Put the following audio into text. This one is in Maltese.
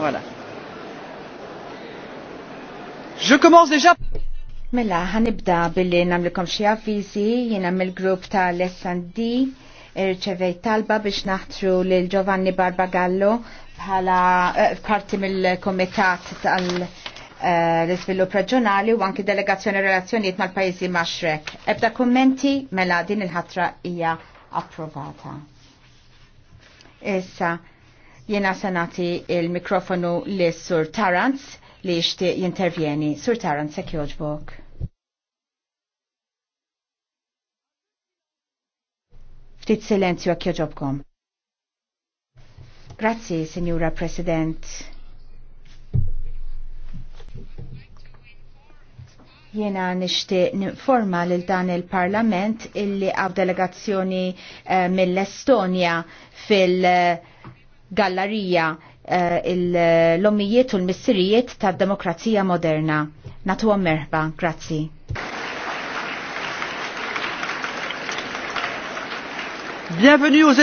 Voilà. Je commence déjà. Mela, ħanibda billi namlikom xie avvizi, jina mill-grupp tal-SND, irċevej talba biex naħtru lil Giovanni Barbagallo bħala eh, parti mill-komitat tal- eh, l-izvilup reġjonali u anki delegazzjoni e relazzjonijiet mal-pajjiżi maċrek. Ebda kummenti mela din il-ħatra hija approvata. Issa, Jena sanati il-mikrofonu li Sur Tarantz li ixti jintervjeni. Sur Tarantz, sekk joġbok. Ftit silenzju għak joġobkom. Grazzi, Signora President. Jena nishtiq informa lil dan il-Parlament illi għaw delegazzjoni eh, mill-Estonja fil- eh, gallarija eh, l-ommijiet u l-missirijiet ta' demokrazija moderna. Natu merħba, grazzi. Bienvenue